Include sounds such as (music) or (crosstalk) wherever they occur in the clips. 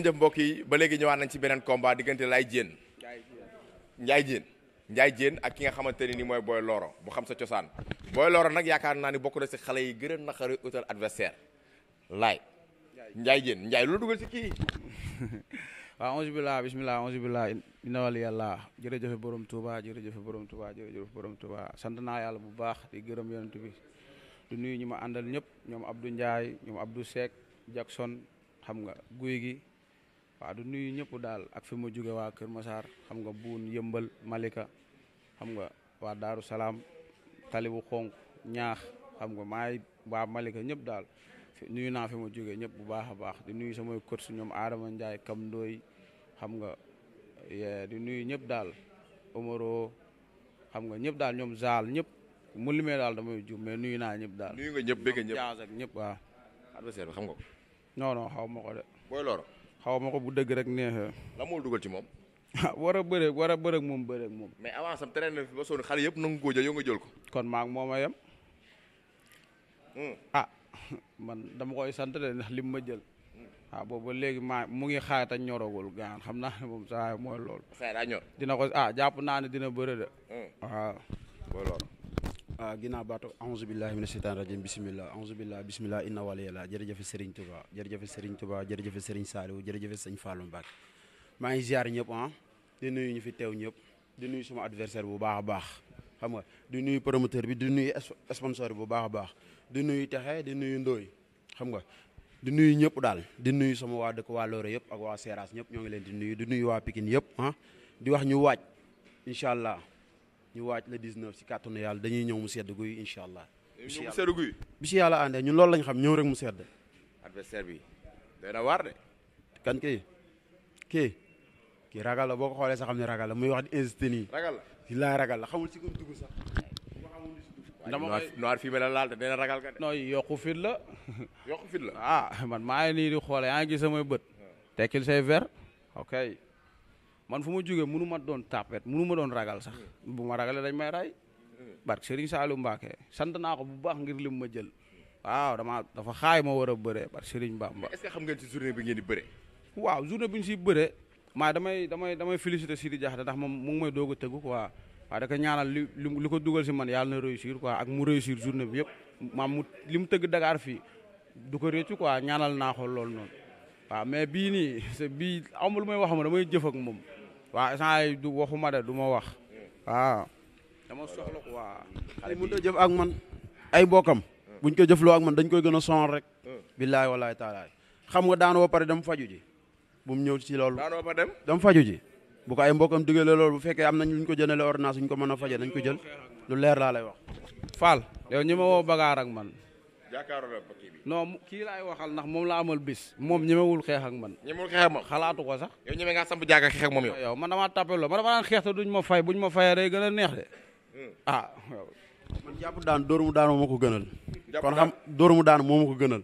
ngeen jëf mbokk yi ba léegi ñëwaat nañ ci beneen combat diggante Laye Diène Ndiaye Diène Ndiaye Diène ak ki nga xamante ne ni mooy Boy Loro bu xam sa cosaan Boy Loro nag yaakaar naa ni bokk na xale yi gën a naqari utal adversaire Laye Ndiaye Diène Ndiaye lu dugal si kii (laughs) waaw onze billah bismillah onze billah inna wali yàlla jërëjëfe borom Touba jërëjëfe borom Touba jërëjëfe yàlla bu baax di gërëm yonent bi du nuyu ñi ma àndal ñëpp ñoom Abdou Ndiaye ñoom Abdou Seck Jackson xam nga guy gi waaw du nuyu ñëpp daal ak fi ma jóge waa Kër Masaar xam nga buun yëmbal Malika xam nga waa Daaru Salaam talibu xonk ñaax xam nga maay waa Malika ñëpp daal nuyu naa fi ma jógee ñëpp bu baax a baax di nuyu samay kër su ñoom Adama Ndiaye Kam Ndoy xam nga eh, di nuyu ñëpp daal Omaro xam nga ñëpp daal ñoom zaal ñëpp mu limee daal damay jub mais nuyu naa ñëpp daal. nuyu nga ñëpp bëgg ñëpp ñoom ak ñëpp waaw. adversaire xam nga ko. de. xaw ma ko bu dëgg rek neexee. lan moo dugal ci moom. ah (laughs) war a bëreeg war a bëreeg moom bëreeg moom. mais avant sam traîné na fi yëpp nangu koo jël yow nga jël kon maa ngi hmm. ah, (laughs) man dama koy sant ndax lim ma jël. waaw hmm. ah, boobu léegi maa mu ngi xaata ñoragul gaan xam naa ne moom saa mooy loolu. saa dina ko ah jàpp naa ne dina bëre de. Hmm. waaw. waaw ah, ginnaaw baatu aouzu billahi mina sheytaan rajim bisimillah aouzu billahi bisimillah inna waliyallah jërëjëfe Serigne Touba jërëjëfe Serigne Touba jërëjëfe Serigne Saliou jërëjëfe Sëñ Fallou Mbacke maa ngi ziar ñëpp ah di nuyu ñu fi teew ñëpp di nuyu suma adversaire bu baax a baax xam nga di nuyu promoteur bi di nuyu sponsor bu baax a baax di nuyu Texe di nuyu Ndoy xam nga di nuyu ñëpp daal di nuyu sama waa dëkk waa Loore yëpp ak waa Seras ñëpp ñoo ngi leen di nuyu di nuyu waa Pikine yëpp ah di wax ñu waaj incha allah ñu waaj le 19 si kàttanu yàlla dañuy ñëw mu sedd guy incha allah. ñëw mu sedd guy. bi si yàlla xam ñëw rek mu sedd. adversaire bi day na waar de. kan kii kii ragal la boo ko xoolee sax xam ne ragal la muy wax di insisté nii. ragal la si ragal la xamul si kum dugg sax. dama noir fii la laal te dina ragal ka de. non yokku fit la. yokku ah, man maa ngi nii di xoole yaa gis samay bët. Ah. tekkil say verre ok. man fu ma jógee munu ma doon tapet munu ma doon ragal sax hmm. bu ma ragalee dañ may ray hmm. barke Serigne Saliou Mbacke sant naa ko bu baax ngir lim ma jël waaw dama dafa xaay ma war a bëree barke Serigne Bamba. est-ce que xam ngeen ci journée bi ngeen di bëree. waaw journée bi ñu siy bëree maa damay damay damay féliciter Sidi Diakhaté ndax moom mu ngi may doog a tëgg quoi waaw da ko ñaanal li li ko dugal si man yàlla na réussir quoi ak mu réussir journée bi yëpp maam mu li mu tëgg Dakar fii du ko réccu quoi ñaanal naa ko lool noonu waaw mais bii nii bii amul may wax ma damay jëf moom. waa instant du waxuma de du ma wax waaw. dama soxla ko waaw. a jëf ak man ay bokkam. Hmm. buñ ko jëfloo ak man dañ koy gën a sonal rek. Hmm. billaay walaay taalaay xam nga daanoo ba pare dem faju ji bu mu ñëw ci loolu. daanoo ba dem dem faju ji. bu ko ay mbokkam digalee loolu bu fekkee am nañ luñ ko jëndalee ordonnance ñu ko mën a fajee dañ ko jël lu leer laa wax. Fall yow ñi ma bagaar ak man. jàkkaaroo la kii bi kii laay waxal ndax moom la amal bis moom ñemewul xeex ak man ñemewul xalaatu ko sax yow ñeme nga samp jàkka xeex moom yow yow man damaa tàppeloo man dama daan xeex te duñ ma fay buñ ma fayee day gën a neex de hmm. ah man jàpp daan dóor mu daan moo ma ko gënal kon xam dóor mu daan moo ma ko gënal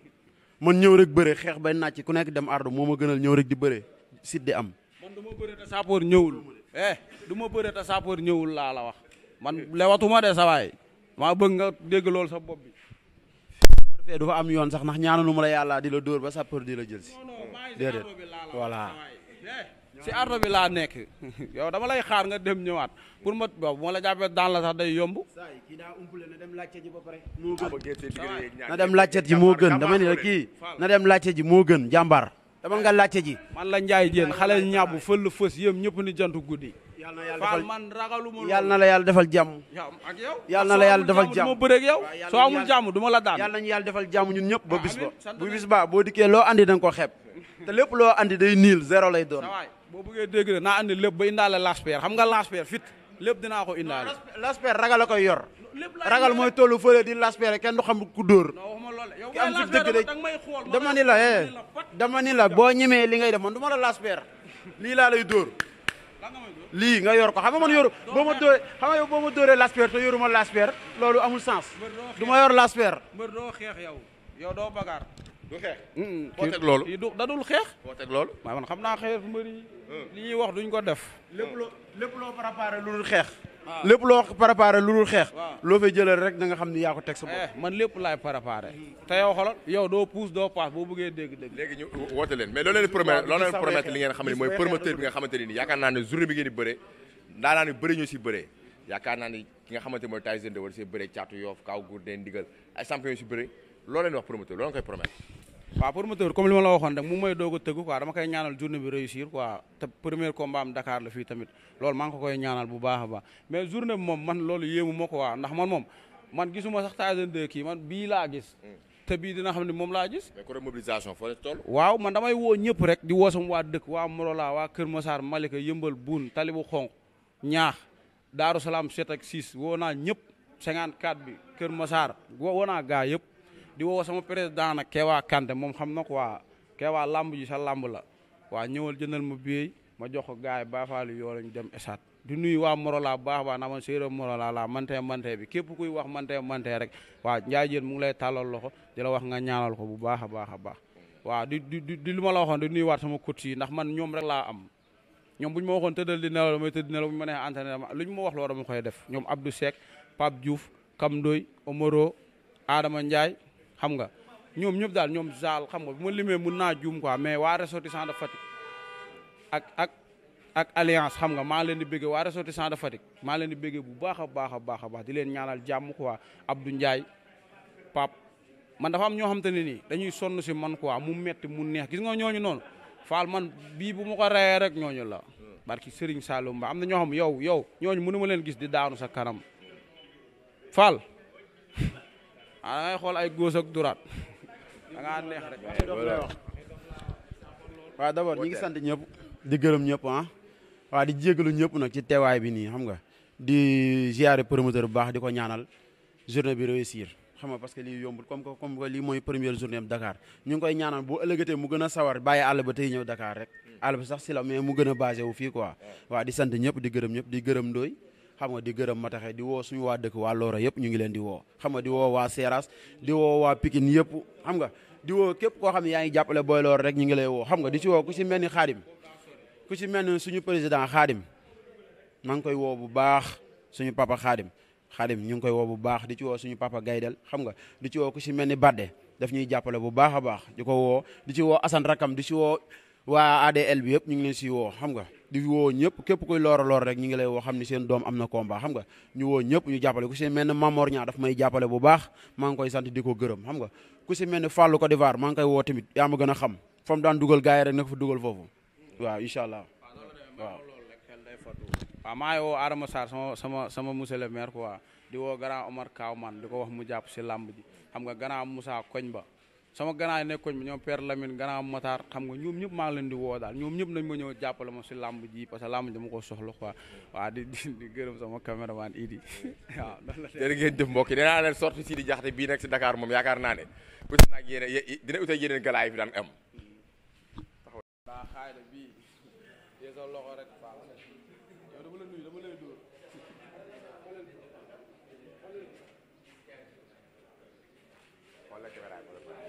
man ñëw rek bëre xeex bay nàcc ku nekk dem ardo moo ma gënal ñëw rek di bëre sit di am man du ma bëre te saapoor ñëwul eh du ma bëre te saapoor ñëwul laa la wax man lewatuma de sa waay maa bëgg nga dégg loolu sa bopp bi fee du fa am yoon sax ndax ñaananu ma la yàlla di la dóor ba sapeur di la jël si déedéet voilà eh. si ardo bi laa nekk (laughs) yow dama lay xaar nga dem ñëwaat pour ma boobu moo la jàppee daan la sax day yomb. kii daa umpule na dem laajte ji ba pare. moo gën na dem laajte ji moo gën dama ni la kii na dem laajte ji moo gën jàmbaar dama nga laajte ji. man la Ndiaye Diène xale ñaabu fël fës yëm ñëpp ni jantu guddi. Fall man ragaluma yal na la yàlla defal jàmm ak yow yal na la yàlla defal jàmm duma soo amul jàmm duma la daan yal nañu yàlla defal jàmm ñun ñëpp ba bis ba bu bis ba boo dikkee loo andi danga ko xeeb te lépp loo andi day niil zéro lay doon boo bëggee dégg de naa andi lépp ba indaale laspeer xam nga laspeer fit lépp dinaa ko indaale laspeer ragal a yor ragal mooy tollu fële di laspeer kenn du xam ku dóor ki dama ni la eh, dama ni la boo ñemee li ngay def man du la laspeer lii laa lay dóor lii nga yor ko xam nga man yoru boo ma dóoree xam nga yow boo ma dóoree lasper te yoruma lasper loolu amul sens du ma yor lasper mbër doo xeex yow yow doo bagaar loolu du dadul xeex boo teg loolu maa man xam naa xeex mbër yi mm. li ñuy wax duñ ko def lépp loo lépp loo préparé lu dul xeex Ah. lép loo préparé lu dul xeex ah. loo fay jëlal rek da nga xam ni yaa ko teg eh, man lép laay préparé te yow xolal yow doo puus doo paas boo bëggee dégg dégg léegi ñu woote leen mais loolu leen promet loolu leen promettre li ngeen xam ne mooy promoteur bi nga xamante ne nii yaakaar naa ne journée bi ngeen di naa ne bëri ñoo si bëree yaakaar naa ki nga xamante mooy Tyson de war see bëree caatu yoof kaaw guur deen ndigal ay champion si bëree loolu leen wax promoteur loolu nga koy promettre waaw promoteur comme li ma la waxoon rek mu may doog a tëgg quoi dama koy ñaanal journée bi réussir quoi te premier combat am Dakar la tamit lool maa ngi ko koy ñaanal bu baax a baax mais journée bi moom man loolu yéemu ma ko waa ndax man moom man gisuma sax Tyson 2 kii man bii laa gis te bii dina xam ne moom laa gis. mais côté mobilisation foo leen waaw man damay woo ñëpp rek di woo sama waa dëkk waa Morola waa Kër Massar Malika Yëmbal Buun Talibu Xonq ñaax Daaru Salaam 7 ak 6 woo naa ñëpp 54 bi Kër Massar woo naa gaa yëpp. di woo sama président nag Kewa Kanté moom xam na waa Kewa làmb ji sa làmb la waa ñëwal jëndal ma billet ma jox ko gars yi baafaalu yoo lañ dem esaat di nuyu waa Morola baax baax na ma séeréer Morola laa mante mante bi képp kuy wax mante mante rek waa Ndiaye Diène mu ngi lay tàllal loxo di la wax nga ñaanal ko bu baax a baax a baax waaw di di di li ma la waxoon di waat sama coach yi ndax man ñoom rek laa am ñoom bu ñu ma waxoon tëddal di nelaw damay tëdd nelaw bu ñu ma nee entraîné ma koy def ñoom Abdou Seck Pape Diouf Kam Ndoy Omoro Adama Ndiaye xam nga ñoom ñëpp daal ñoom zaal xam nga ma limee mun naa juum quoi mais waa ressortissant de Fatick ak ak ak alliance xam nga maa leen di béggee waa ressortissant de Fatick maa leen di béggee bu baax a baax a baax di leen ñaanal jàmm quoi Abdou Ndiaye Pape man dafa am ñoo xam te ne nii dañuy sonn si man quoi mu metti mu neex gis nga ñooñu noonu faal man bii bu mu ko reyee rek ñooñu la barki Serigne Saloum ba am na ñoo xam yow yow ñooñu mënu ma leen gis di daanu sa kanam ah xool ay góos ak duraat da ngaa neex rek. sant ñëpp di gërëm ñëpp ah waa di jégalu ñëpp nag ci teewaay bi nii xam nga di ziare promoteur bu baax di ko ñaanal journée bi réussir xam nga parce que lii yombul comme que comme que lii mooy première journée am Dakar ñu ngi koy ñaanal bu ëllëgatee mu gën a sawar bàyyi àll ba tey ñëw Dakar rek hmm. àll ba sax si mais mu gën a basé wu fii ko hmm. waa di sant ñëpp di gërëm ñëpp di gërëm dooy xam nga di gërëm mataxe di woo suñu waa dëkk waa Loora yëpp ñu ngi leen di woo xam nga di woo waa Seras di woo waa Pikine yëpp xam nga di woo képp koo xam ne yaa ngi jàppale booy loor rek ñu ngi lay woo xam nga di ci woo ku ci mel ni ku ci mel ni suñu président Xaadim maa ngi koy woo bu baax suñu papa Xaadim Xaadim ñu ngi koy woo bu baax di ci woo suñu papa Gaydel xam nga di ci woo ku ci mel ni Badde daf ñuy jàppale bu baax a baax di ko woo di ci woo Assane Rakam di ci woo waa ADL bi yëpp ñu ngi si woo xam nga di woo ñëpp képp kuy loora loor rek ñu ngi lay woo xam ni seen doom am na combat xam nga ñu woo ñëpp ñu jàppale ku si mel ne Mamor ñaa daf may jàppale bu baax maa ngi koy sant di ko gërëm xam nga ku si mel ne Fallou Côte d'Ivoire maa ngi koy woo tamit yaa ma a xam fa mu daan dugal gars yi rek na ko fa dugal foofu waaw incha allah waaw waaw maa ngi woo Adama Sarr sama sama sama monsieur le maire quoi di woo grand kaaw Kawman di ko wax mu jàpp si làmb ji xam nga grand Moussa Koñ ba sama ganaay nekkoñ bi ñoom Père Lamine ganaa Matar xam nga ñoom ñëpp maa ngi leen di woo daal ñoom ñëpp nañ ma ñëw jàppale ma si làmb ji parce que làmb ji dama ko soxla quoi waaw di di gërëm sama caméraman Idi (laughs) waaw jërë ngeen jëf mbokk yi dinaa leen sorti si di jaxte bii nag si Dakar moom yaakaar naa ne peut être nag galaay fi daan am daa xaayda